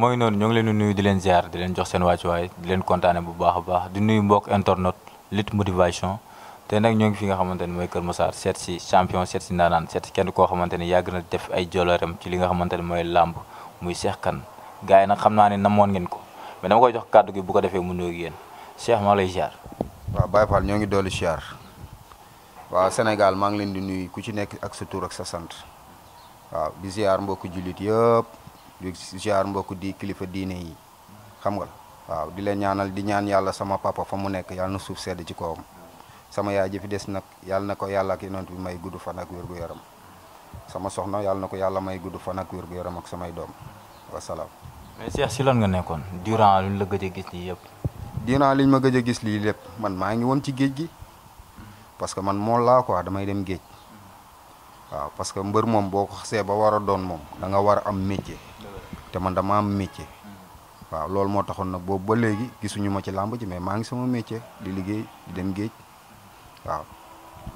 moy non ñong leen nuyu di leen ziar di leen jox seen way di leen contane bu baax baax di nuyu mbok internet lit motivation té nak ñong fi nga xamanteni moy keur Massar set ci champion set ci sersi set si kenn ko xamanteni yag na def ay jolorem ci li nga xamanteni moy lamb muy Cheikh kan gaay yi xamna ni namon ngeen ko mais dama koy jox cadeau gi bu ko defé mu nuyu yeen Cheikh ma lay ziar. wa Baye Fall ñongi doli ziar wa senegal ma ngi leen di nuyu ku ci nekk ak sa tour ak sa sante wa di ziar mbok julit di ziar mbokk di kilifa diine yi xam nga waaw di leen ñaanal di ñaan yàlla sama papa fa mu nekk yàlla na suuf sedd ci kawam sama yaay ji fi des nag yàlla na ko yàlla ak yonent bi may gudd fan ak wér gu yaram sama soxna yàlla na ko yàlla may gudd fan ak wér gu yaram ak samay doom wasalaam mais cheikh si lan nga nekkoon durant luñ la gëj a gis lii yëpp durant liñ ma gëj a gis lii lépp man maa ngi woon ci géej gi parce que man mool laa quoi damay dem géej waaw parce que mbër moom boo ko xasee ba war a doon moom da nga war am métier te man dama am métier waaw loolu moo taxoon nag boobu ba léegi gisuñu ma ci làmb ji mais maa ngi sama métier di liggéey di dem géej waaw.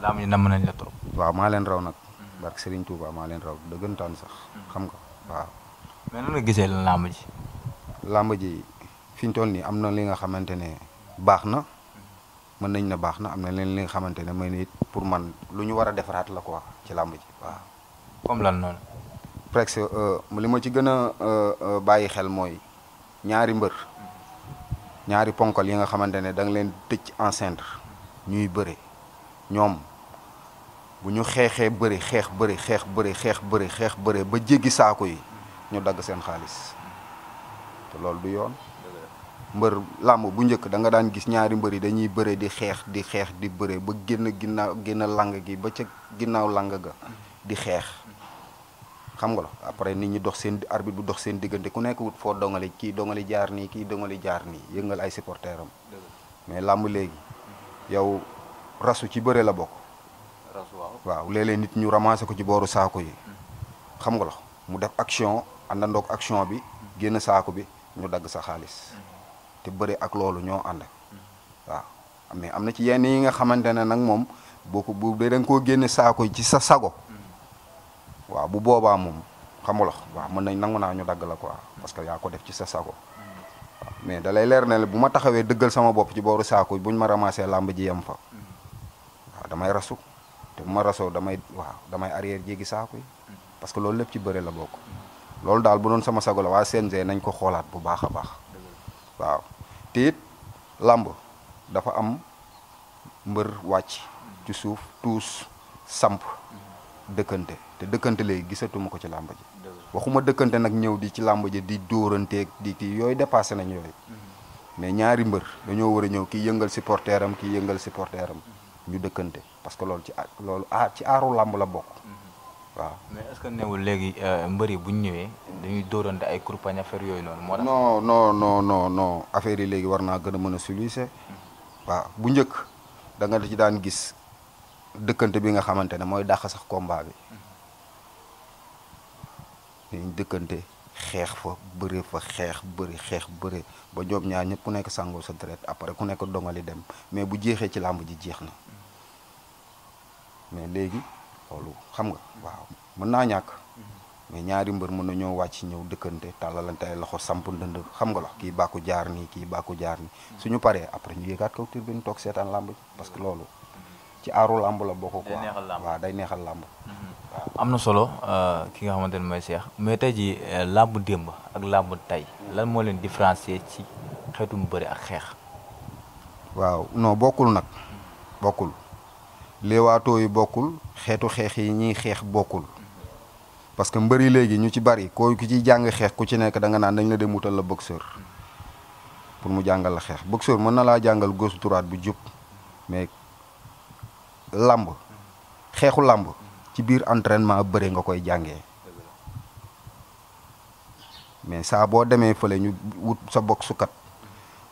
làmb yi namm nañ la trop. waaw maa leen raw nag. barke Serigne Touba maa leen raw dëggantaan sax. xam nga waaw. mais nan gisee gisee làmb ji. làmb ji fi ñu toll nii am na li nga xamante ne baax na mën nañ ne baax na am na leen li nga xamante ne mooy nit pour man lu ñu war a defaraat la quoi ci làmb ji waaw. comme lan noonu. presque euh, li ma ci bayi a nyari xel nyari ñaari mbër ñaari ponkal yi nga xamante ne da nga leen tëj enceinte ñuy bëre ñoom bu ñu xeexee bëri xeex bëri xeex bëri xeex bëri xeex bëri ba jéggi saako yi ñu dagg seen xaalis te loolu du yoon mbër làmb bu njëkk da nga daan gis ñaari mbër yi dañuy bëre di xeex di xeex di bëre ba génn ginnaaw génn lang gi ba ca lang ga di xeex xam nga la après nit ñi dox seen arbitre bu dox seen diggante ku nekk wut foo dongali kii dongali jaar nii kii dongali jaar nii yëngal ay supporteurs mais làmb léegi yow rasu ci bëre la bokk. waaw waaw léeg nit ñu ramassé ko ci booru saako yi. xam nga la mu def action àndandoog action bi génn saako bi ñu dagg sa xaalis. Mm-hmm. te bëri ak loolu ñoo ànd. Mm-hmm. waaw mais am na ci yenn yi nga xamante ne nag moom boo ko bu dee da koo génne saako yi ci sa sago. wa bu mom xamul wax wa mën nañ nanguna ñu dagal la quoi parce que ya ko def ci sa sako mais dalay leer ne bu ma sama bop ci boru sako buñ ma ramassé lamb ji yam fa waaw damay rasu te bu ma raso damay wa damay arrière jéggi sako parce que loolu lepp ci beure la bok dal bu non sama sago la waa CNG nañ ko xolaat bu baaxa baax waaw tit lamb dafa am mbeur wacc ci souf tous samp dëkkante te dëkkante lay gisatuma ko ci làmb ji waxuma dëkkante nak ñëw di ci làmb ji di dóoranteeg di ti yooyu dépassé nañ yoy mm-hmm. mais ñaari mbeur dañoo wara a ñëw kii yëngal supporteram ki yëngal supporteram mm-hmm. ñu dëkkante parce que lool ci lool loolu a ci aru làmb la bok mm-hmm. waaw mais est-ce que newul léegi euh, mbeur yi buñ ñu dañuy dóorante ay kurpañ affaire yooyu noonu moo non non non non non affaire yi léegi warna gëna mëna a mën waaw bu ñëk da nga ci daan gis dëkkante bi nga xamante ne mooy dàq sax combat bi dañuy dëkkante xeex fa bëre fa xeex bëre xeex bëre ba ñoom ñaar ñëpp ku nekk sangoo sa deret après ku nekk dongali dem mais bu jeexee ci làmb ji jeex na mais léegi loolu xam nga waaw mën naa ñàkk mais ñaari mbër mën na ñoo wàcc ñëw dëkkante tàllalante ay loxo samp ndënd xam nga la kii bàkku jaar nii kii bàkku jaar nii suñu paree après ñu yéegaat kaw turbine bi ñu toog seetaan làmb ji parce que loolu ci aaru lamb la bokk quoi wa day neexal lamb amna mm-hmm. solo euh, ki nga xamanteni ne Cheikh mais tay ji euh, lambu demb ak làmb tay lan mo len différencier ci xetum mu beri ak xex waaw non nak, bokul, bokkul léewaatoo yi bokul xetu xex yi ñi xex bokul parce que mbeuri legi ñu ci bari ko ku ci jang xex ku ci nek da nga nan dañ la demutal wutal la boxeur pour mu jangal la xeex boxeur mën na la jangal gauche droite bu jup mais lamb xexu lamb ci biir entraînement beure nga koy Mee mais sa bo démé sabok ñu wut sa deh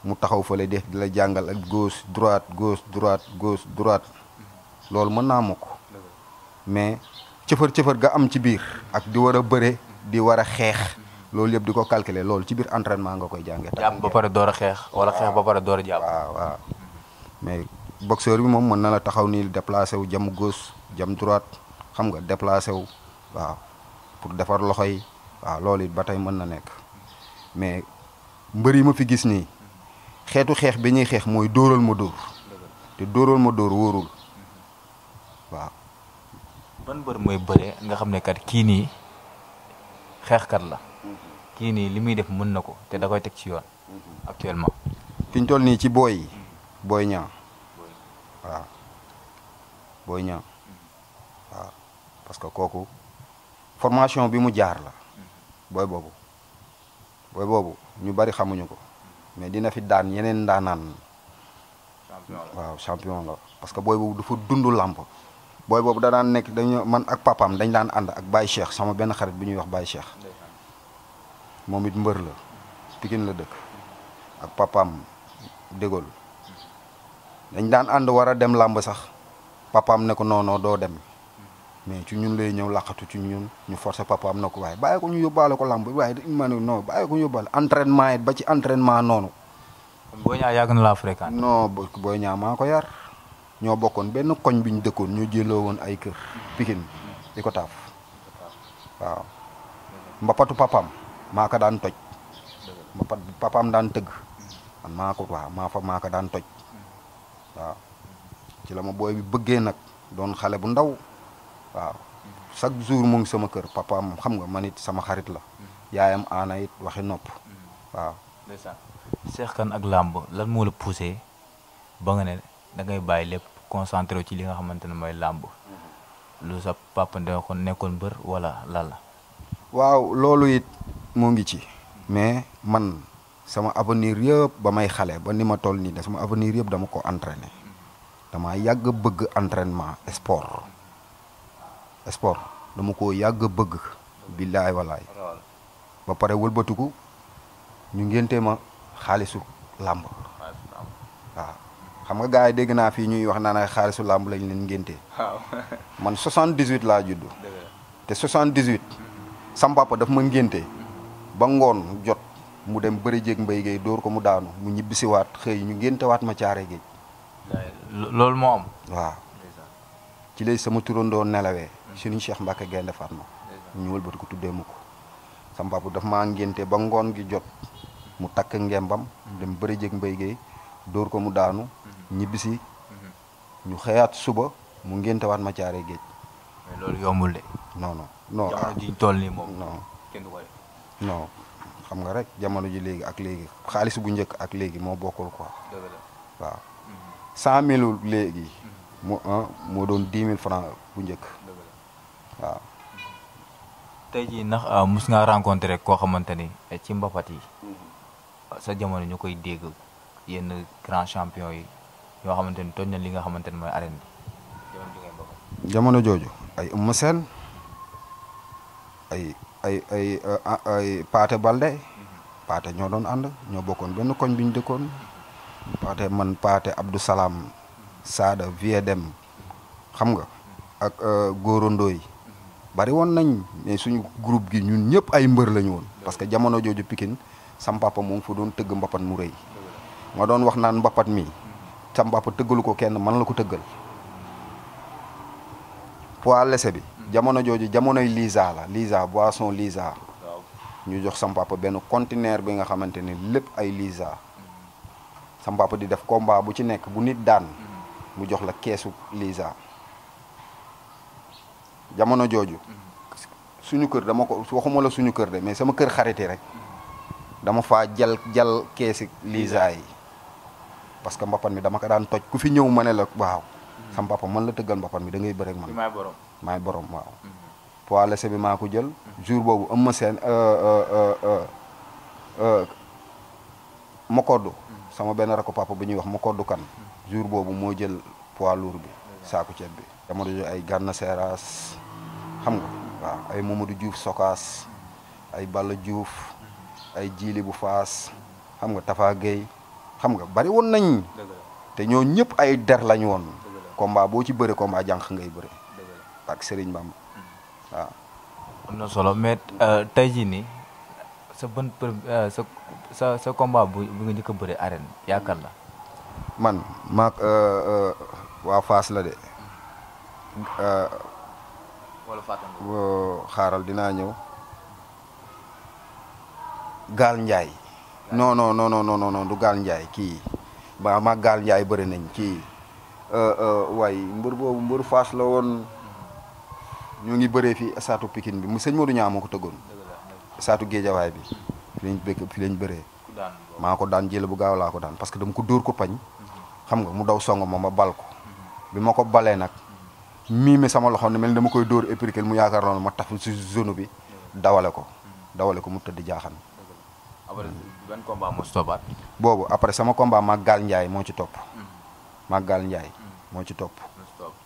mu taxaw feulé def dila jangal ak gauche droite gauche droite gauche droite loolu mën naa mais ci feur ci feur ga am ci biir ak di wara beure di wara xex lool yeb diko calculer lool ci biir entraînement nga koy jangé jàpp ba paré wala xex ba paré waaw waaw mais boxeur bi mom mën na la taxaw ni déplacer wu jam gauche jam droite xam nga déplacer wu waaw pour defar loxoy yi waaw loolu it ba mën na nekk mais mbër yi ma fi gis ni xeetu xeex bi ñuy xeex mooy dóoral ma dóor te dóoral ma dóor wóorul waaw. ban mbër mooy bëre nga xam ne kat kii nii xeexkat la kii nii li muy def mën na ko te da koy teg ci yoon actuellement. fiñ ñu toll nii ci booy yi booy ñaa ah. Boy hmm. ah. parce que formation bi mu jaar la hmm. boy bobu boy bobu ñu bari xamuñu ko hmm. mais dina fi daan yenen daanan waaw champion la parce que boy bobu dafa dundu làmp boy bobu da daan nek dañu man ak papam dañ daan anda ak Baye Cheikh sama ben xarit bi ñuy wax Baye Cheikh momit mbeur la Pikine la dekk ak papam degol dañ daan and wara dem lamb sax papaam ne ko noonoo do dem mais ci ñun lay ñew laqatu ci ñun ñu forcer papaam na ko waaye bàyyi ko ñu yobale ko lamb way ma ne non baye ko ñu yóbbaale entraînement ba ci entraînement noonu. booy ñaa yàgg na la fréquent non booy ñaa maa yar ño bokkon ben koñ bi ñu dëkkoon ñoo ay kër pikin diko taf waaw mbapatu papaam maa daan toj mbapat papaam daan teug man mako wa waaw fa daan toj waaw ci la ma booy bi bëggee nag doon xale bu ndaw waaw chaque jour mu ngi sama kër papaam xam nga man it sama xarit la yaayam aana it waxi nopp waaw. ndeysaan Cheikh Kane ak làmb lan moo la poussé ba nga ne da bàyyi lépp concentré ci li nga xamante ne mooy làmb lu sa papa nekkoon bër wala lan waaw loolu it moo ngi ci mais man. sama avenir yëpp ba may xale ba ni ma toll nii de sama avenir yëpp dama ko entraîné dama yàgg bëgg entraînement sport sport dama ko yàgg bëgg billaay walaay ba pare wëlbatiku ñu ngénte ma xaalisu làmb waaw xam nga gaa yi dégg naa fii ñuy wax naa ne xaalisu làmb lañ leen ngénte man 78 laa judd te 78 sama papa daf ma ngénte ba ngoon jot mu dem bëri jéeg mbay géey dóor ko mu daanu mu ñibbisiwaat xëy ñu ngéntewaat ma caare géej loolu moo am waaw ci lay sama turandoo nelawee hmm. Serigne Cheikh Mbacke Gaynde Fatma ñu wëlbati ko tuddee mu ko sama ma daf ngénte ba ngoon gi jot mu takk ngembam hmm. dem bëri jéeg mbay géey dóor ko mu daanu hmm. ñibbisi ñu xëyaat suba mu ngéntewaat ma caare géej mais loolu yombul de non non non jamono xam nga rek jamono ji léegi ak léegi xaalis bu njëkk ak léegi moo bokkul quoi. waaw mhm. cent mille léegi. Mhm. mu un moo doon dix mille franc bu njëkk. waaw. Mhm. tey jii ndax ah, mus ngaa rencontré koo xamante ni eh, ci mbapat yi. sa jamono ñu koy dégg yenn grand champion yi yoo xamante ni toj li nga xamante ni mooy arène jamono jooju ay Eumeu Sène ay. ay ay ay Paate Balde Paate ñoo doon ànd ñoo bokkoon benn koñ bi ñu dëkkoon Paate man Paate Abdou Salaam Saada Vie Dem xam nga ak euh, góorondooy bari woon nañ mais suñu groupe gi ñun ñëpp ay mbër lañ woon parce que jamono jooju pikin sam papa mu ngi fa doon tëgg mbapat mu rëy ma doon wax naan mbapat mii sam papa tëggalu ko kenn man la ko tëggal poids lese bi jamono jooju jamonoy Lisa la Lisa boisson Lisa ñu jox sam papa ben conteneur bi nga xamanteni lepp ay Lisa sam papa di def combat bu ci nek bu nit daan mu jox la keesu Lisa jamono joju suñu kër dama ko waxuma la suñu kër de mais sama kër xarité rek dama fa jal jal keesi Lisa yi parce que mbappan mi dama ko daan toj ku fi ñew ma la waaw sam papa man la tëggal bopam mi da ngay bëre ak man may borom may borom waaw mm-hmm. poids laissé bi mako jël jour euh euh seen euh, euh, euh, makoddu mm-hmm. sama ben rako papa bu ñuy wax makoddu kan mm-hmm. jour bobu mo jël poids lourd bi saaku ceeb bi jamono do ay ganna seeraas xam nga waaw ay momadou Diouf sokas ay Balla Diouf ay jili bu fas xam nga Tafa Gueye xam nga bari won nañ te ñoo ñëpp ay der lañ won combat bo ci beure combat jank ngay beure ak Serigne Bamba hmm. waaw no solo met eh, tay ji ni sa bën eh, sa sa combat bu nga ñëk beure arène yaakaar la man euh wa fas la de wala fàttan xaaral dina ñëw gal ndjay non non non non non non du gal ndjay ki ba ma gal ndjay beure nañ ki Euh, euh, waaye mbër boobu mbër Fass la woon ñoo ngi bëree fii saatu pikin bi mu sëñ Modou ñaa moo ko tëggoon saatu géejawaay bi fi lañ fi lañ bëree maa ko daan jël bu gaaw laa ko daan parce que dama ko dóor ko pañ xam nga mu daw song ma ma bal ko bi ma ko balee nag mi sama loxo ne mel ni dama koy dóor éprikel mu yaakaar noonu ma taf si zone bi dawale ko dawale ko mu tëdd jaaxan moo ci boobu après sama combat maag Gaal Ndiaye moo ci topp mm-hmm. maag Gaal Ndiaye moo ci topp.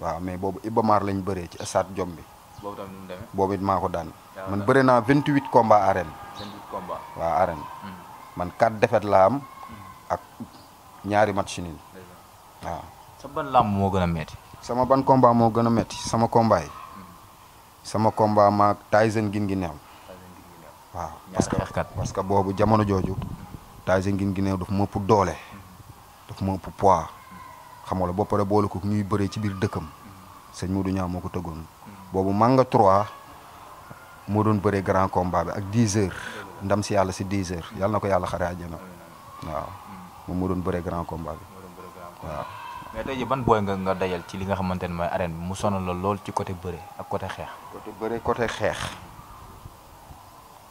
waaw mais boobu Iba Mar lañ bëree ci stade Jom bi. boobu tamit nu mu demee. daan. man bëri naa vingt combats komba 28 combats waaw hmm. man 4 défaites laa am. Hmm. ak ñaari match waaw. sa ban làmb moo gën a metti. sama ban combat moo gën a metti sama combat hmm. sama combat maag Tyson gin gi neew. waaw parce que parce que boobu jamono jooju. Tyson gin gi neew daf ma ëpp doole. daf ma ëpp xamala ba pare boole ko ñuy bëree ci biir dëkkam sëñ Modou Niang moo ko tëggoon boobu manga 3 moo doon bëree grand combat bi ak 10 heures ndam si yàlla si 10 heures yàlla na ko yàlla xare àjjana waaw moom moo doon bëree grand combat bi waaw. mais tey jii ban booy nga nga dajal ci li nga xamante ne mooy arène bi mu sonal la lool ci côté bëre ak côté xeex. côté bëre côté xeex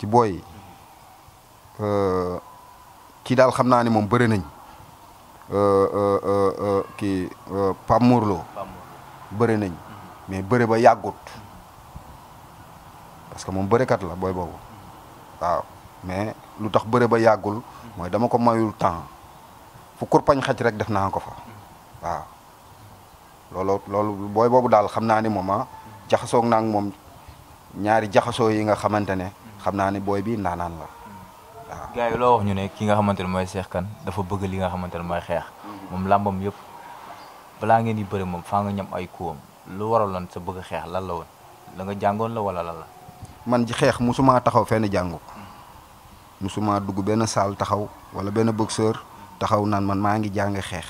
ci booy yi euh, kii daal xam naa ne moom bëre nañ. Euh, euh, euh, kii Pape Morlo bëri nañ mm-hmm. mais bëri ba yàggut parce que moom bërikat la booy boobu waaw mais lu tax bëri ba yàggul mooy dama ko mayul temps fu kurpañ xaj rek def naa ko fa waaw loolu loolu booy boobu daal xam naa ni mooma ah, jaxasoog naa moom ñaari jaxasoo yi nga xamante ne mm-hmm. xam naa ni booy bii ndaanaan la gaay yi loo wax ñu ne ki nga xamante ne mooy Cheikh kan dafa bëgg li nga xamante ne mooy xeex mhm. moom làmbam yëpp balaa ngeen di bëri moom fa nga ñam ay kuwam lu waraloon sa bëgg xeex lan la woon la nga jàngoon la wala lan la man ji xeex musuma taxaw fenn jàngu musuma dugg benn saal taxaw wala benn boxeur taxaw naan man maa ngi jàng xeex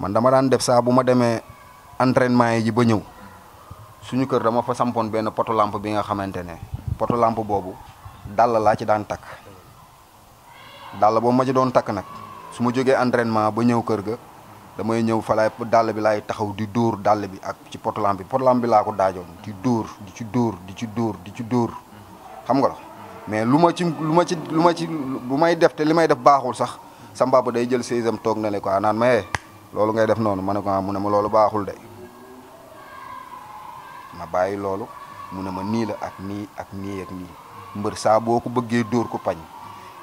man dama daan def saa bu ma demee entraînement yi ba ñëw suñu kër dama fa sampoon benn poto lampe bi nga xamante ne poto lampe boobu dàll laa ci daan takk dal bo ma ci doon tak nak suma ma entraînement ba ñew kër ga damay ñew fa lay dal bi lay taxaw di dóor dal bi ak ci potolam bi potolam bi la ko daajoon di dóor di ci dóor di ci dóor di ci dóor xam nga mais luma ci luma ci luma ci bu may def te limay def baxul sax sa mbab day jël tok na le ko ah, naan ma eh, lolu ngay def noonu ma ko ah, mu ne ma lolu baxul de ma bayyi lolu mu ne ma ni la ak ni ak ni ak ni mbeur sa boko beugé ko pañ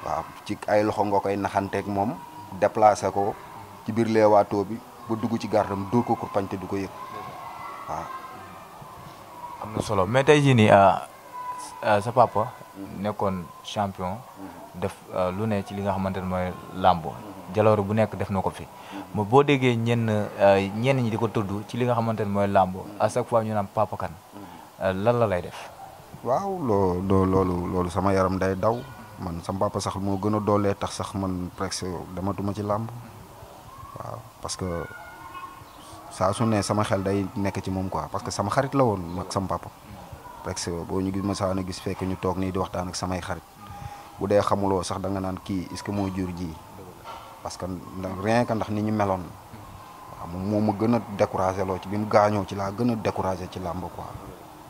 waaw ci ay loxo nga koy naxanteeg moom déplacé ko ci biir leewaatoo bi ba dugg ci gardam dóor ko kurpañ du ko yëg waaw. am na solo mais tey jii nii ah, ah, sa papa nekkoon champion def ah, lu ne ci li nga xamante ne mooy làmb jaloore bu nekk def na ko fi ma boo déggee ñenn ñenn ñi di ko tudd ci li nga xamante ne mooy làmb à chaque fois ñu naan papa kan lan la lay def. waaw loo loolu loolu sama yaram day daw man sam papa sax mo gëna a tax sax man presque duma ci lamb waaw parce que sa su né sama xel day nek ci mom quoi parce que sama xarit la won ak sam papa presque bo ñu gis ma sa na gis fekk ñu tok ni di waxtaan ak samay xarit bu dé xamulo sax da nga nan ki est ce que jur ji parce que rien que ndax ni ñu melon waaw moom gëna décourager lo ci bimu ci la gëna décourager ci lamb quoi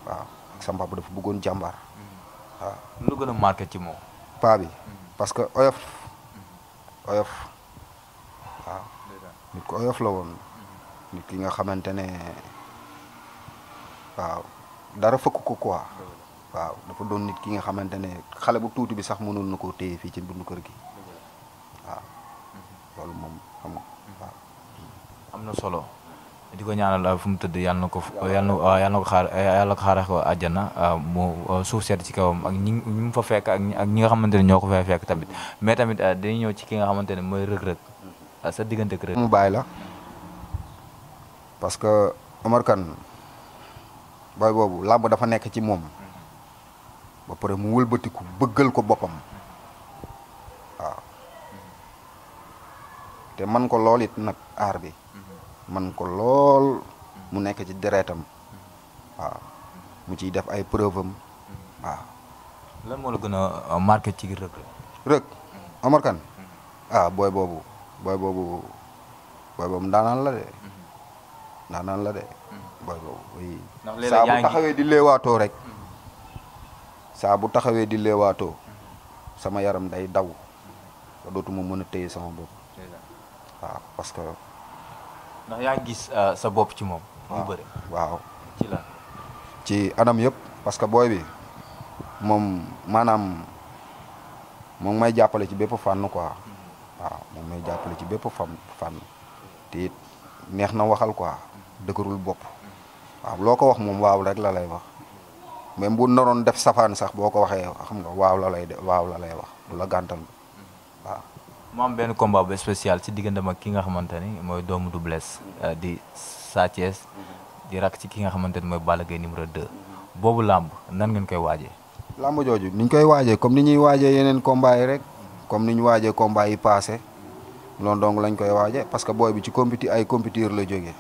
waaw sam papa dafa bëggoon jambar lu gën marqué paa bi parce que oyof oyof waaw nit ku oyof la woon nit ki nga xamante ne waaw dara fëkk ko quoi waaw dafa doon nit ki nga xamante ne xale bu tuuti bi sax mënoon na koo téye fii ci dundu kër gi waaw loolu moom am na solo di ko ñaanal fu mu tudd yalla nako yalla yàlla na yàlla na ko xaar yàlla ko xaaral ko àjjana mu suuf set ci kawam ak ñi mu fa fekk ak ñi nga xamanteni ñoko fa fekk tamit mais tamit dañuy ñew ci ki nga xamanteni moy mooy Reug Reug sa diggante ak Reug mu bay la parce que Omar Kane booy bobu lamb dafa nekk ci mom ba pare mu wëlbatiku bëggal ko bopam waaw ah. te man ko lolit nak nag bi man ko lool mu nekk ci deretam waaw mu ciy def ay preuve am lan moo la gën a marqué ci rëg rëg Omar Kane ah, booy boobu booy boobu booy boobu la de ndaanaan la de booy taxawee di leewaatoo rek saa bu taxawee di leewaatoo sama yaram day daw dootuma mën a téye sama bopp waaw ndax yaa gis euh, sa bopp ci moom. mu waaw ci la ci anam yëpp parce que booy bi moom maanaam moom may jàppale ci bépp fànn quoi. Hmm. waaw moom may jàppale ci bépp fam fànn te it neex na waxal quoi hmm. dëgërul bopp hmm. waaw loo ko wax moom waaw rek la lay wax même bu doon def safaan sax boo ko waxee xam nga waaw la lay waaw la lay wax du la gàntal waaw. mu am benn combat bu spécial ci diggante mag ki nga xamante ni mooy doomu du Bless euh, di Sa di rakk ci ki nga xamante ni mooy Balla Gaye numéro 2 boobu làmb nan ngeen koy waajee. làmb jooju ni koy waajee comme ni ñuy waajee yeneen combat yi rek comme ni ñu waajee combat yi passé noon dong lañ koy waajee parce que booy bi ci compéti ay compétiteur la jógee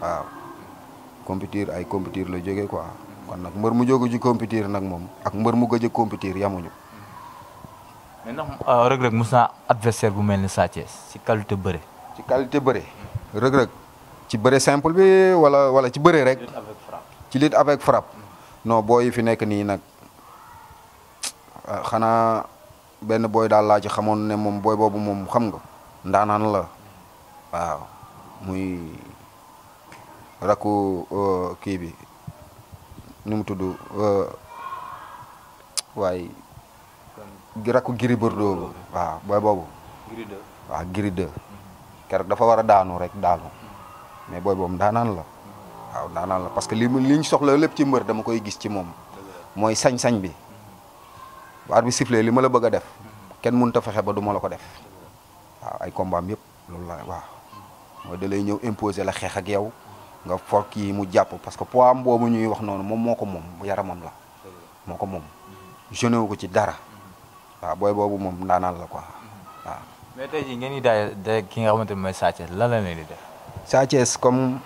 waaw compétiteur ay compétiteur la jógee quoi kon nag mbër mu jóge ci compétiteur nag moom ak mbër mu gëj a compétiteur yamuñu. mais ndax euh, Reug adversaire bu mel ni Sa ci qualité bëre. ci qualité bëre Reug Reug ci bëre simple bi wala wala ci bëre rek. ci liit avec frappe. non booy yi fi nekk nii nag euh, xanaa benn booy daal laaj xamoon ne moom booy boobu moom xam nga ndaanaan la waaw muy rakku euh, kii bi nu mu tudd waaye. rakku Gris Bordeaux boobu waaw booy boobu. Gris 2 waaw Gris dafa war a daanu rek daanu mais booy boobu daanaan la waaw daanaan la parce que li li ñu soxla lépp ci mbër dama koy gis ci moom mooy sañ-sañ bi waar bi li ma la bëgg a def kenn mënut a fexe ba du ma la ko def waaw ay kombaam yëpp loolu la waaw mooy da ñëw imposer la xeex ak yow nga fork yi mu jàpp parce que poids am boobu ñuy wax noonu moom moo ko moom yaramam la moo ko moom jeune wu ko ci dara waaw booy boobu moom ndaanaan la ko waaw. mais tey jii ngeen di daay de ki nga xamante ne mooy Sa Thiès lan la leen di def. Sa comme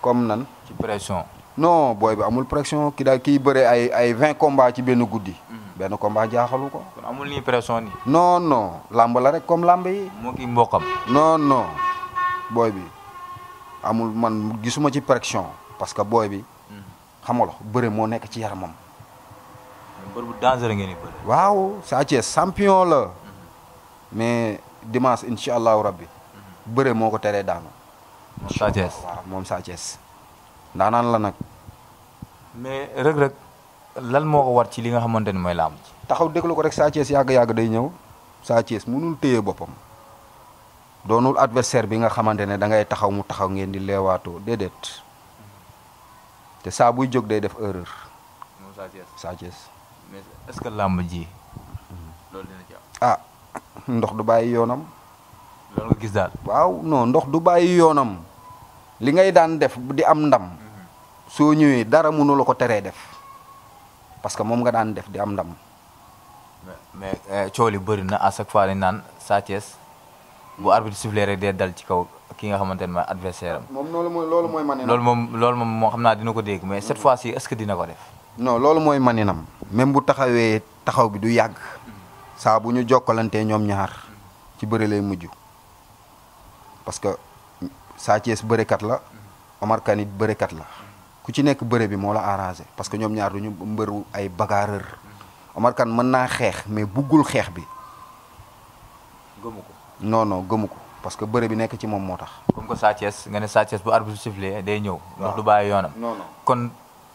comme nan. ci pression. no booy bi amul pression ki daal kiy bëre ay ay vingt combats ci benn guddi. Mhm. benn combat jaaxalu ko. kon amul nii pression nii. non non làmb la rek comme làmb yi. moo kii mbokkam. non non booy bi amul man gisuma ci pression parce que booy bi. Mhm. xam nga bëre moo nekk ci yaramam. mbër bu dangereux ngeen di bëri. waaw Sa champion la. mais dimanche incha allahu rabbi. bëre moo ko teree daanu. moom Sa Thiès moom Sa Thiès ndaanaan la nag. mais Reug Reug lan moo ko war ci li nga xamante ni mooy làmb ci taxaw déglu ko rek Sa Thiès yàgg yàgg day ñëw Sa Thiès mënul téye boppam doonul adversaire bi nga xamante ne dangay taxaw mu taxaw ngeen di leewaatoo déedéet te saa buy jóg day def erreur. moom est-ce que làmb ji. loolu ah, ndox du bàyyi yoonam. gis daal. waaw non ndox du bàyyi yoonam li ngay daan def di am ndam. Mhm. soo ñëwee dara mënu la ko teree def parce que moom nga daan def di am ndam. mais eh, coow li bëri na à chaque fois dañu naan Sa Thiès bu arbitre sifflé rek dee dal ci loolu moom moom xam naa dina ko dégg mais cette mhm. fois ci est-ce que dina ko def. non loolu mooy maninam même bu taxawee taxaw bi du yàgg saa bu ñu jokkalantee ñoom ñaar ci bëre lay mujj parce que Sa Thiès la Omar Kane it bërekat la ku ci nekk bëre bi moo la arrangé parce que ñoom ñaar du ñu mbëru ay bagarreur omarkan mën naa xeex mais buggul xeex bi. gëmu ko non non gëmu ko parce que bëre bi nekk ci moom moo tax. comme que Sa Thiès nga ne Sa ar bu arbitre sifflé day ñëw. du bàyyi yoonam.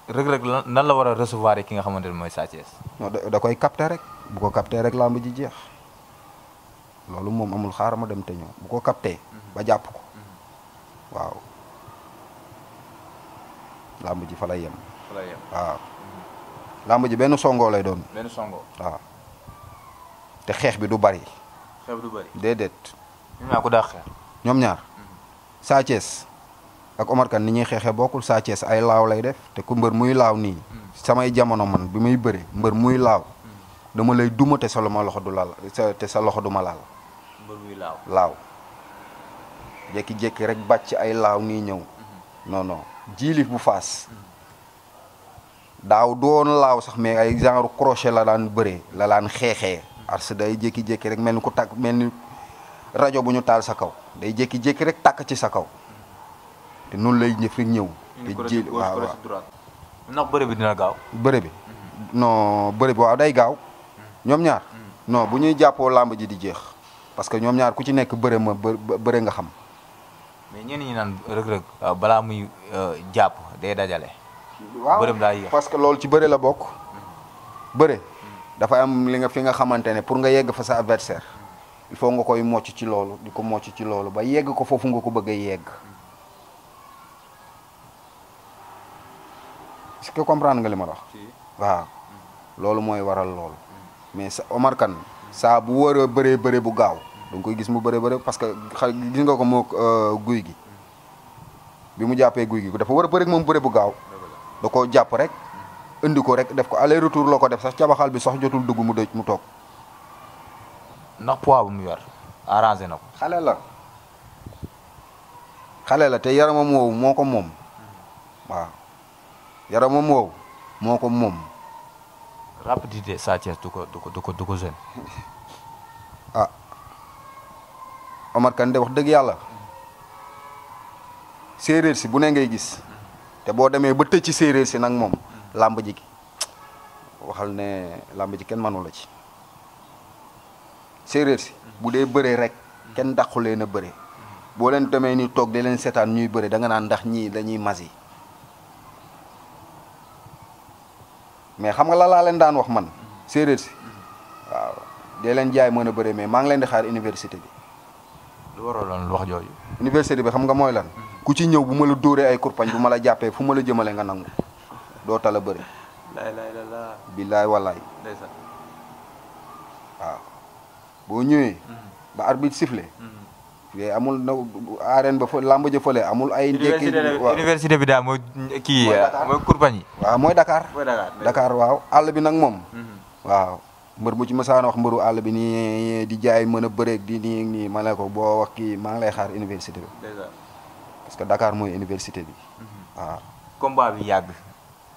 rëg-rëg nan la war a recevoir ki nga xamante ne mooy Sa Thiès. da koy capter rek bu ko capter rek làmb ji jeex loolu moom amul xaar ma dem te ko capter. Mhm. ba jàpp ko mhm. waaw làmb ji fa lay yem. Mhm. ji benn songoo lay doon. benn te xeex bi du bari. xeex bi ñoom ñaar ku ak Omar ni ñuy xeexee bokkul Sa Thiès ay laaw lay def te ku mbër muy laaw nii samay jamono man bi muy bëre mbër muy laaw dama lay duma te sa loxo du laal te sa loxo du ma laal mbër muy laaw laaw jékki rek bàcc ay laaw nii ñëw mm-hmm. non non bu faas daaw doon laaw sax mais ay genre crochet la daan bëree la daan xeexee ars day jékki-jékki rek mel ni ku takk mel ni rajo bu ñu taal sa kaw day jékki-jékki rek takk ci sa kaw te noonu lay ñëf rek ñëw. te jéem waaw waaw ndax bëre bi dina gaaw. bëre bi mhm. non bëre bi waaw day gaaw mhm. ñoom ñaar. Mhm. non bu ñuy jàppoo làmb ji di jeex parce que ñoom ñaar ku ci nekk bëre ma bëre nga xam. mais ñenn ñi naan rëg balaa muy euh, jàpp day dajale. waaw bëreem daa parce que loolu ci bëre la bokk. bëre dafa am li nga fi nga xamante ne pour nga yegg fa sa adversaire il faut nga koy mocc ci loolu di ko mocc ci loolu ba yegg ko foofu nga ko bëgg a yegg. est comprendre nga li ma la wax. waaw loolu mooy waral loolu. mais sa Omar Kane saa bu war bëree bëree bu gaaw. da nga koy gis mu bëree bëri parce que xa gis nga ko moo euh, guy gi bi mu jàppee guy gi dafa war a bëri moom bëree bu gaaw. da koo jàpp rek indi ko rek def ko aller retour la ko def sax cabaxal bi sax jotul dugg mu dëj mu toog. ndax poids bu mu yor arrangé na ko. xale la xale la te yaramam woowu moo ko moom waaw. yaramam woow moo ko moom. rapidité Sa Thiès du ko du ko du ko du ko ah. Omar Kane de dëgg yàlla séeréer si bu ne ngay gis te boo demee ba tëj séeréer si nag moom làmb ji waxal ne làmb ji kenn mënu ci séeréer si bu dee bëree rek kenn dàqu leen a bëree boo leen demee ni toog di leen seetaan ñuy bëree da nga naan ndax ñii dañuy mas mais xam nga la laa leen daan wax man séeréer si waaw dee leen jaay mën a bëre mais maa ngi leen di xaar université bi. lu waraloon wax jooju. université bi xam nga mooy lan. ku ci ñëw bu ma la dóoree ay kurpañ bu ma la jàppee fu ma la jëmale nga nangu doo tala bëri. laay billaay wallaay. ndeysaan. waaw boo ñëwee. Mm-hmm. ba arbitre sifflé. Mm-hmm. amul na arène ba fa làmb ja fële amul ay. njëkki université bi daal mooy kii mooy kurbañ yi. waaw mooy Dakar. mooy Dakar Dakar waaw àll bi nag moom. Mhm. waaw mbër mu ci mësaan wax mbëru àll bi nii di jaay mën a bëreeg di nii nii ma ne ko boo wax kii maa ngi lay xaar université bi. parce que dakaar mooy université bi. Mhm. waaw. combat bi yàgg.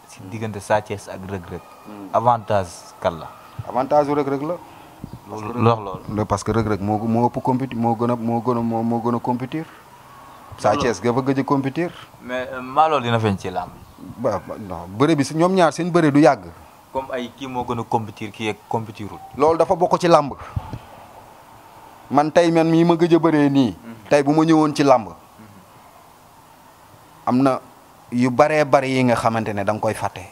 si diggante Sa Thiès ak mm. avantage kan avantage Reug Reug la. loolu parce que Reug Reug moo moo ëpp compéti moo gën a moo gën a moo gën a compétir. Sa Thiès ga fa gëj a compétir. mais euh, Malo dina feeñ si ñoom ñaar seen bëre du yàgg. comme ay kii moo gën a compétir kii ak compétirul. loolu dafa bokk ci làmb man tey man mii ma gëj a bëree nii. Mhm. tey bu ma ñëwoon ci làmb mhm. am na yu baree bari yi nga xamante ne da nga koy fàtte.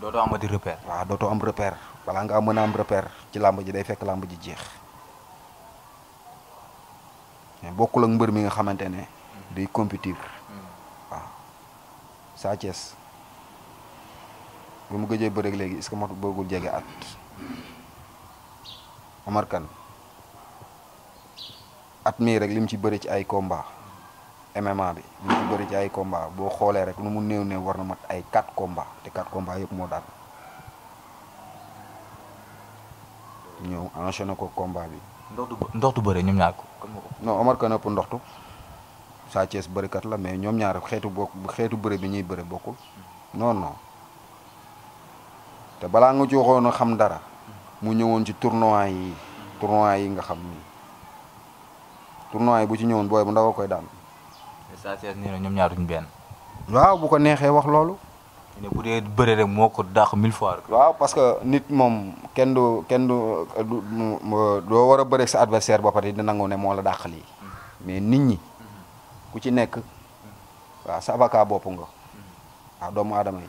dootoo amati repère. waa dootoo am repère. bala nga mëna am repère ci lamb ji day fekk lamb ji jeex mais bokul ak mbeur mi nga xamantene day compétir wa sa ties bu mu gëjé bëre légui est ce que matu bëggul jégé at Omar Kan at mi rek lim ci bëre ci ay combat MMA bi lim ci bëre ci ay combat bo xolé rek nu mu neew ne war na mat ay 4 combat té 4 combat yëpp mo daal ñëw enchaîné ko combat bi. ndoxtu ndoxtu bëre ñoom ñaar kan ko. non Omar Kane ëpp ndoxtu Sa Thiès bërikat la mais ñoom ñaar xeetu bokk xeetu bëre bi ñuy no. bokkul non non te balaa nga ci waxoon a xam dara mu ñëwoon ci tournoi yi tournoi yi nga xam nii tournoi yi bu ci ñëwoon booy bu ndaw koy daan. Sa nee na ñaar duñ waaw bu ko wax ne bu dee bëre rek moo ko dàq mille fois rek. waaw parce que nit moom kenn du kenn du doo war a bëre sa adversaire ba pare di nangu ne moo la dàq lii mais nit ñi ku ci nekk waaw sa avocat bopp nga waaw doomu aadama yi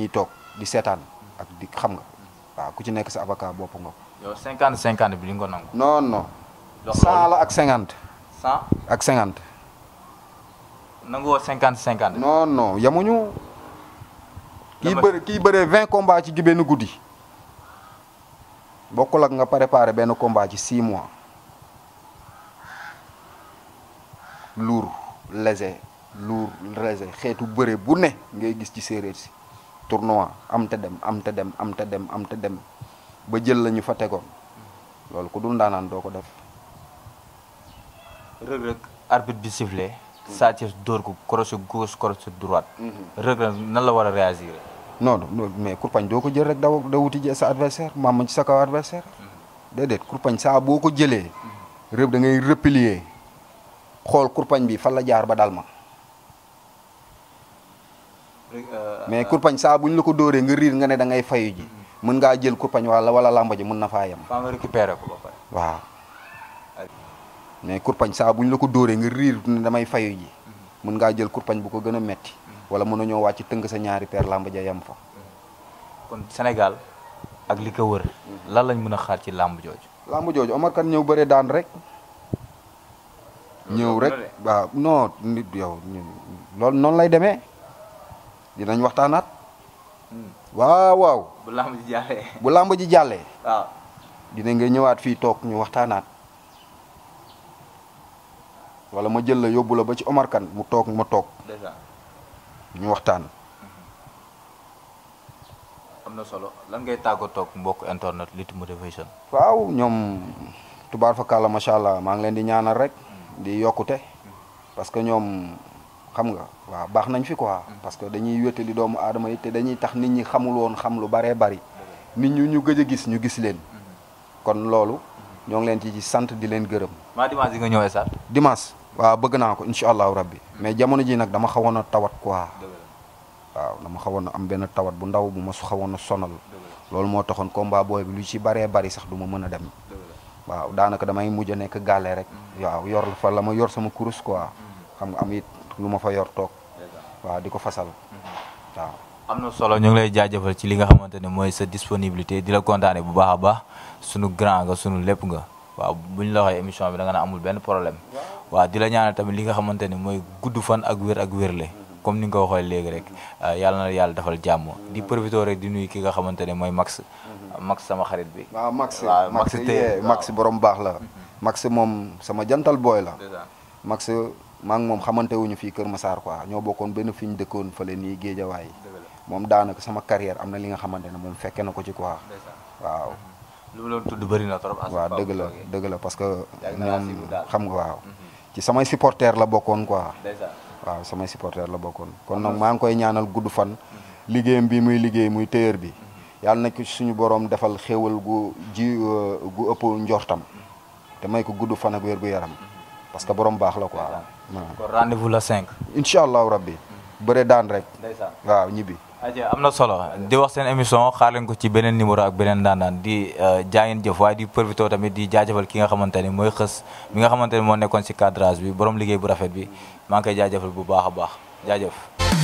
ñiy toog di seetaan ak di xam nga waaw ku ci nekk sa avocat bopp nga. yow cinquante cinquante bi li nga ko nangu. non non. cent la ak cinquante. cent ak cinquante. nangu woo cinquante cinquante. non non yamuñu. kii bëri kii bëree vingt combats ci benn guddi bokkul ak nga préparé benn combat ci six mois luur léger luur léger xeetu bëre bu ne ngay gis ci séeréer si tournoi am te dem am te dem am te dem am te dem ba jël la ñu fa tegoon loolu ku dul ndaanaan doo ko def. rëg-rëg arbitre bi sifflé. Sa dor ko korosu gos korosu droite. Mhm. rek Reug nan la wara réagir. non non mais kurpañ doo ko jël rek daw da wuti sa adversaire mam ci sa kaw adversaire. Mhm. dedet kurpañ saa boo ko jëlee. Mhm. rëb da ngay replier xool kurpañ bi fa la jaar ba dalma ma. Euh, mais euh, kurpañ sa buñ la ko doré nga rir nga né da ngay fayu ji. mën nga jël wala wala lamba ji mën na fa yam fa nga récupérer ko ba pare. waaw mais kurpañ sa buñ la ko dóoree nga riir damay fayu ji mën nga jël kurpañ bu ko gëna metti wala mëna ñoo wacc teunk sa ñaari père lamb ja yam fa kon sénégal ak li ko wër lan lañ mëna xaar ci lamb jooju lamb jooju omar kan ñew bëré daan rek ñew rek ba non nit yow lool non lay démé dinañ waxtanaat hmm. waaw waaw bu lamb ji bu lamb ji jàllee waaw dina nga ñëwaat fi tok ñu waxtanaat wala ma jël la yobul la ba ci Omar Kane mu tok ma tok déjà ñu waxtaan. amna solo lan ngay tàggatoo tok mbokk internet Lutte Motivation. waaw ñom tubar fa ma sha allah ma ngi leen di ñaanal rek. di yokuté parce que ñom xam nga wa bax nañ fi quoi. parce que dañuy li doomu adama yi té dañuy tax nit ñi xamul won xam lu baree bari. nit ñu ñu gëjë gis ñu gis leen. Mhm. kon lolu ñong leen ci sant di leen gëreum ma dimanche nga ñëwee sa dimanche. waaw bëgg naa ko incha allahu rabbi mais jamono ji nag dama xawoon a tawat quoi waaw dama xawoon a am benn tawat bu ndaw bu ma xawoon a sonal loolu moo taxoon combat booy bi lu ci baree bari sax du ma mën a dem waaw daanaka damay mujj a nekk gàlle rek waaw yor fa la ma yor sama kurus quoi xam am it lu ma fa yor toog waaw di ko fasal waaw am na solo ñu ngi lay jaajëfal ci li nga xamante ne mooy sa disponibilité di la kontaane bu baax a baax sunu grand nga sunu lépp nga waaw bu ñu la waxee émission bi da nga amul benn problème waaw di la ñaanal tamit li nga xamante ni mooy gudd fan ak wér ak wérle comme ni nga ko waxee léegi rek ah, yàlla na yàlla defal jàmm di profité rek di nuyu ki nga xamante ne mooy Max. Max sama xarit bi. waaw Max Max tey Max borom baax la. Max moom sama jantal booy la. Max maa ngi moom xamante wuñu fii Kër Massar quoi ñoo bokkoon benn fi ñu dëkkoon fële nii Géejawaay moom daanaka sama carrière am na li nga xamante ne moom fekke na ko ci quoi waaw. lu mu doon bëri na trop. waaw dëgg la dëgg la parce que. ñoom xam nga waaw. Mhm. ci samay supporters la bokkoon quoi. waaw samay supporters la bokkoon. kon nag maa ngi koy ñaanal gudd fan. liggéeyam bi muy liggéey muy téyër bi. yàlla na ko suñu borom defal xéwal gu ji euh, gu ëpp njortam. te may ko gudd fan ak wér gu yaram. parce que borom baax la ko waaw kon rendez vous la 5. incha allahu rabbi bëre daan rek. waaw ñibbi. aja am na solo di wax seen émission xaar ko ci beneen numéro ak beneen daandaan di euh, jaangeen jëf waaye di profité tamit di jaajëfal ki nga xamante ni mooy xës mi nga xamante ni moo nekkoon si cadrage bi borom liggéey bu rafet bi maa ngi koy jaajafal bu baax a baax jaajëf